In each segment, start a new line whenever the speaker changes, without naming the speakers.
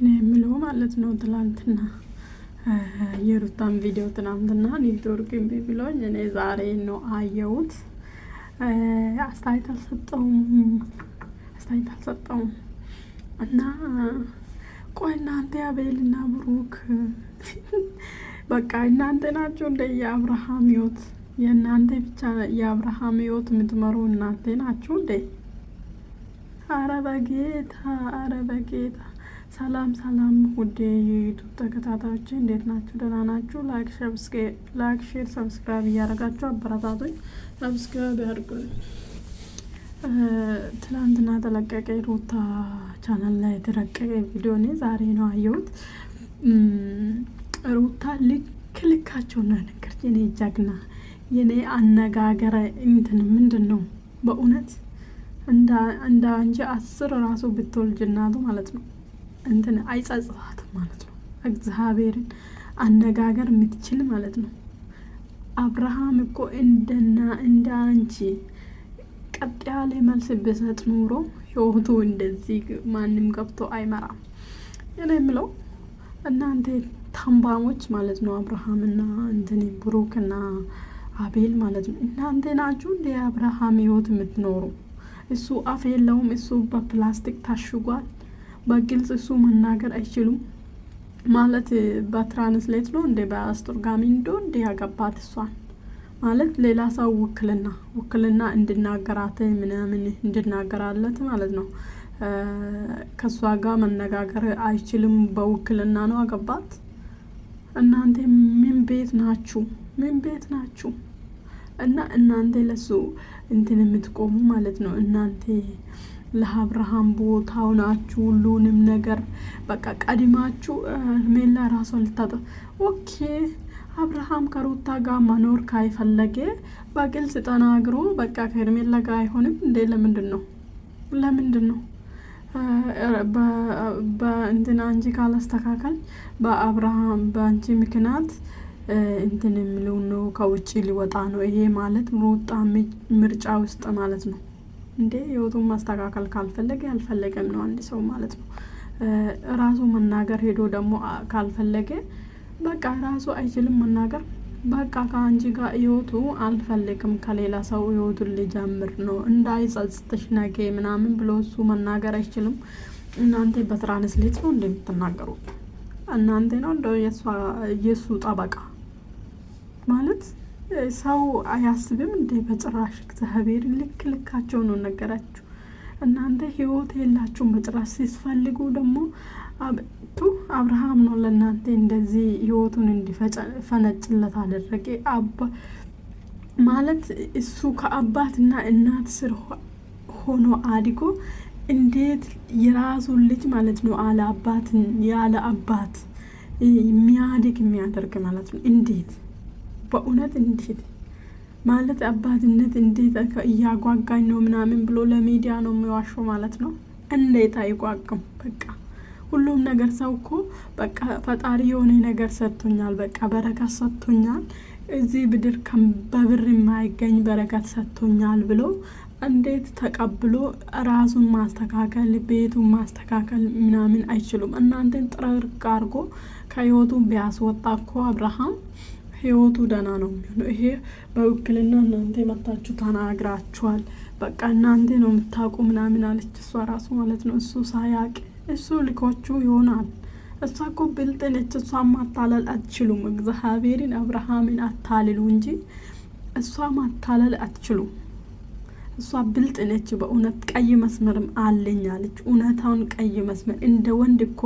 እኔ የምለው ማለት ነው ትላንትና የሩታን ቪዲዮ ትናንትና ኔትወርክ እምቢ ብሎኝ እኔ ዛሬ ነው አየሁት። አስተያየት አልሰጠውም አስተያየት አልሰጠውም እና ቆይ እናንተ አቤልና ብሩክ በቃ እናንተ ናችሁ እንደ የአብርሃም ህይወት የእናንተ ብቻ የአብርሃም ህይወት የምትመሩ እናንተ ናችሁ እንዴ? አረ በጌታ አረ በጌታ ሰላም ሰላም ውድ የዩቱብ ተከታታዮች እንዴት ናችሁ? ደህና ናችሁ? ላይክ ሼር ሰብስክራይብ እያደረጋችሁ አበረታቶች ሰብስክራይብ ያድርጉልኝ። ትላንትና ተለቀቀ ሩታ ቻናል ላይ የተለቀቀ ቪዲዮ እኔ ዛሬ ነው አየሁት። ሩታ ልክ ልካቸው ነው ነገር የኔ ጀግና የኔ አነጋገረ እንትን ምንድን ነው በእውነት እንደ አንቺ አስር ራሱ ብትወልጅ እናቱ ማለት ነው እንትን አይጸጽፋትም ማለት ነው። እግዚአብሔርን አነጋገር የምትችል ማለት ነው። አብርሃም እኮ እንደና እንደ አንቺ ቀጥ ያለ መልስ ብሰጥ ኑሮ ህይወቱ እንደዚህ ማንም ገብቶ አይመራም። እኔ ምለው እናንተ ታምባሞች ማለት ነው። አብርሃምና እንትን ብሩክና አቤል ማለት ነው። እናንተ ናችሁ እንደ አብርሃም ህይወት የምትኖሩ። እሱ አፍ የለውም። እሱ በፕላስቲክ ታሽጓል። በግልጽ እሱ መናገር አይችሉም። ማለት በትራንስሌት ነው እንደ በአስተርጓሚ እንዶ እንደ ያገባት እሷን ማለት ሌላ ሰው ውክልና ውክልና እንድናገራት ምናምን እንድናገራለት ማለት ነው። ከእሷ ጋር መነጋገር አይችልም። በውክልና ነው አገባት። እናንተ ምን ቤት ናችሁ? ምን ቤት ናችሁ? እና እናንተ ለሱ እንትን የምትቆሙ ማለት ነው እናንተ ለአብርሃም ቦታው ናችሁ። ሁሉንም ነገር በቃ ቀድማችሁ ሄርሜላ ራሷን ልታጠፋ ኦኬ። አብርሃም ከሩታ ጋር መኖር ካይፈለገ በግልጽ ተናግሮ በቃ ከሄርሜላ ጋር አይሆንም እንዴ? ለምንድን ነው ለምንድን ነው በእንትን አንቺ ካላስተካከል በአብርሃም በአንቺ ምክንያት እንትን የሚለው ነው፣ ከውጭ ሊወጣ ነው። ይሄ ማለት ሩጣ ምርጫ ውስጥ ማለት ነው። እንዴ ህይወቱን ማስተካከል ካልፈለገ ያልፈለገም ነው አንድ ሰው ማለት ነው። ራሱ መናገር ሄዶ ደግሞ ካልፈለገ በቃ ራሱ አይችልም መናገር። በቃ ከአንቺ ጋር ህይወቱ አልፈልግም ከሌላ ሰው ህይወቱን ሊጀምር ነው እንዳይጸጽትሽ ነገ ምናምን ብሎ እሱ መናገር አይችልም። እናንተ በትራንስሌት ነው እንደምትናገሩ እናንተ ነው እንደ የእሱ ጠበቃ ማለት ሰው አያስብም እንዴ? በጭራሽ እግዚአብሔር ልክ ልካቸው ነው ነገራችሁ። እናንተ ህይወት የላችሁም በጭራሽ። ሲስፈልጉ ደግሞ ቱ አብርሃም ነው ለእናንተ እንደዚህ ህይወቱን እንዲፈነጭለት አደረገ። አባ ማለት እሱ ከአባትና እናት ስር ሆኖ አድጎ እንዴት የራሱን ልጅ ማለት ነው አለ አባትን ያለ አባት የሚያድግ የሚያደርግ ማለት ነው እንዴት በእውነት እንዴት ማለት አባትነት እንዴት እያጓጓኝ ነው ምናምን ብሎ ለሚዲያ ነው የሚዋሸው ማለት ነው። እንዴት አይጓቅም? በቃ ሁሉም ነገር ሰው እኮ በቃ ፈጣሪ የሆነ ነገር ሰጥቶኛል፣ በቃ በረከት ሰጥቶኛል፣ እዚህ ብድር በብር የማይገኝ በረከት ሰጥቶኛል ብሎ እንዴት ተቀብሎ ራሱን ማስተካከል ቤቱን ማስተካከል ምናምን አይችሉም። እናንተን ጥርቅ አድርጎ ከህይወቱ ቢያስወጣ እኮ አብርሃም ህይወቱ ደህና ነው የሚሆነው። ይሄ በውክልና እናንተ የመታችሁ ተናግራችኋል። በቃ እናንተ ነው የምታውቁ ምናምን አለች እሷ ራሱ ማለት ነው። እሱ ሳያቅ እሱ ልኮቹ ይሆናል። እሷ እኮ ብልጥ ነች። እሷ ማታለል አትችሉም። እግዚአብሔርን አብርሃምን አታልሉ እንጂ እሷ ማታለል አትችሉም። እሷ ብልጥ ነች በእውነት ቀይ መስመርም አለኝ አለች። እውነታውን ቀይ መስመር እንደ ወንድ እኮ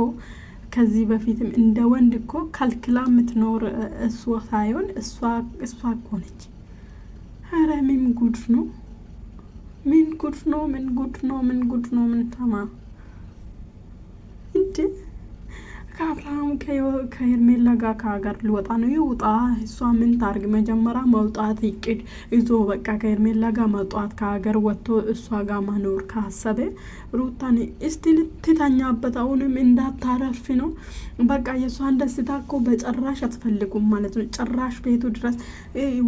ከዚህ በፊትም እንደ ወንድ እኮ ከልክላ የምትኖር እሱ ሳይሆን እሷ እኮ ነች። ኧረ ምን ጉድ ነው! ምን ጉድ ነው! ምን ጉድ ነው! ምን ጉድ ነው! ምን ተማ እንዴ! ከአብርሃም ከሄርሜላ ጋር ከሀገር ልወጣ ነው። ይውጣ። እሷ ምን ታርግ? መጀመሪያ መውጣት ይቅድ ይዞ በቃ ከሄርሜላ ጋር መውጣት፣ ከሀገር ወጥቶ እሷ ጋር መኖር ካሰበ ሩታን እስቲ ልትተኛበት አሁንም እንዳታረፍ ነው። በቃ የእሷን ደስታ እኮ በጭራሽ አትፈልጉም ማለት ነው። ጭራሽ ቤቱ ድረስ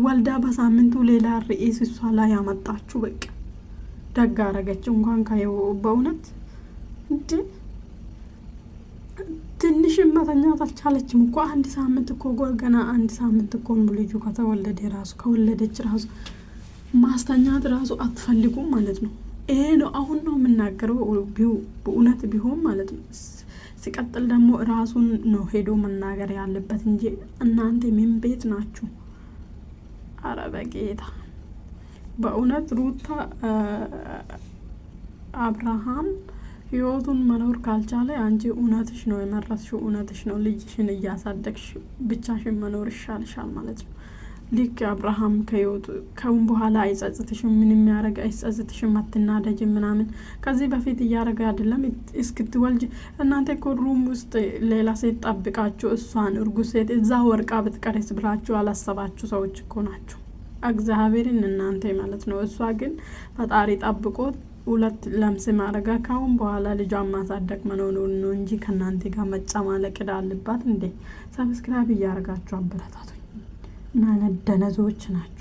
ወልዳ በሳምንቱ ሌላ ርዕስ እሷ ላይ ያመጣችሁ። በቃ ደግ አረገችው። እንኳን ከየው በእውነት እንዴ መተኛት አልቻለችም እኮ አንድ ሳምንት እኮ ጎር ገና አንድ ሳምንት እኮ ልጁ ከተወለደ ራሱ ከወለደች ራሱ ማስተኛት ራሱ አትፈልጉም ማለት ነው። ይሄ ነው አሁን ነው የምናገረው፣ በእውነት ቢሆን ማለት ነው። ሲቀጥል ደግሞ ራሱን ነው ሄዶ መናገር ያለበት እንጂ እናንተ ምን ቤት ናችሁ? አረ በጌታ በእውነት ሩታ አብርሃም ህይወቱን መኖር ካልቻለ አንቺ እውነትሽ ነው የመረጥሽው፣ እውነትሽ ነው ልጅሽን እያሳደግሽ ብቻሽን መኖር ይሻልሻል ማለት ነው። ልክ አብርሃም ከህይወቱ ከሁን በኋላ አይጸጽትሽም፣ ምን የሚያደረግ አይጸጽትሽም፣ አትናደጅም ምናምን ከዚህ በፊት እያደረገ አይደለም እስክትወልጅ። እናንተ እኮ ሩም ውስጥ ሌላ ሴት ጠብቃችሁ እሷን እርጉዝ ሴት እዛ ወርቃ ብትቀሬስ ብላችሁ አላሰባችሁ ሰዎች እኮ ናችሁ። እግዚአብሔርን እናንተ ማለት ነው። እሷ ግን ፈጣሪ ጠብቆት ሁለት ለምስ ማድረጋ ካሁን በኋላ ልጇን ማሳደግ መኖኑ ነው እንጂ ከእናንተ ጋር መጨማለቅ ዕዳ አለባት እንዴ? ሰብስክራይብ እያደረጋችሁ አበረታቱኝ። ምን አይነት ደነዞች ናችሁ?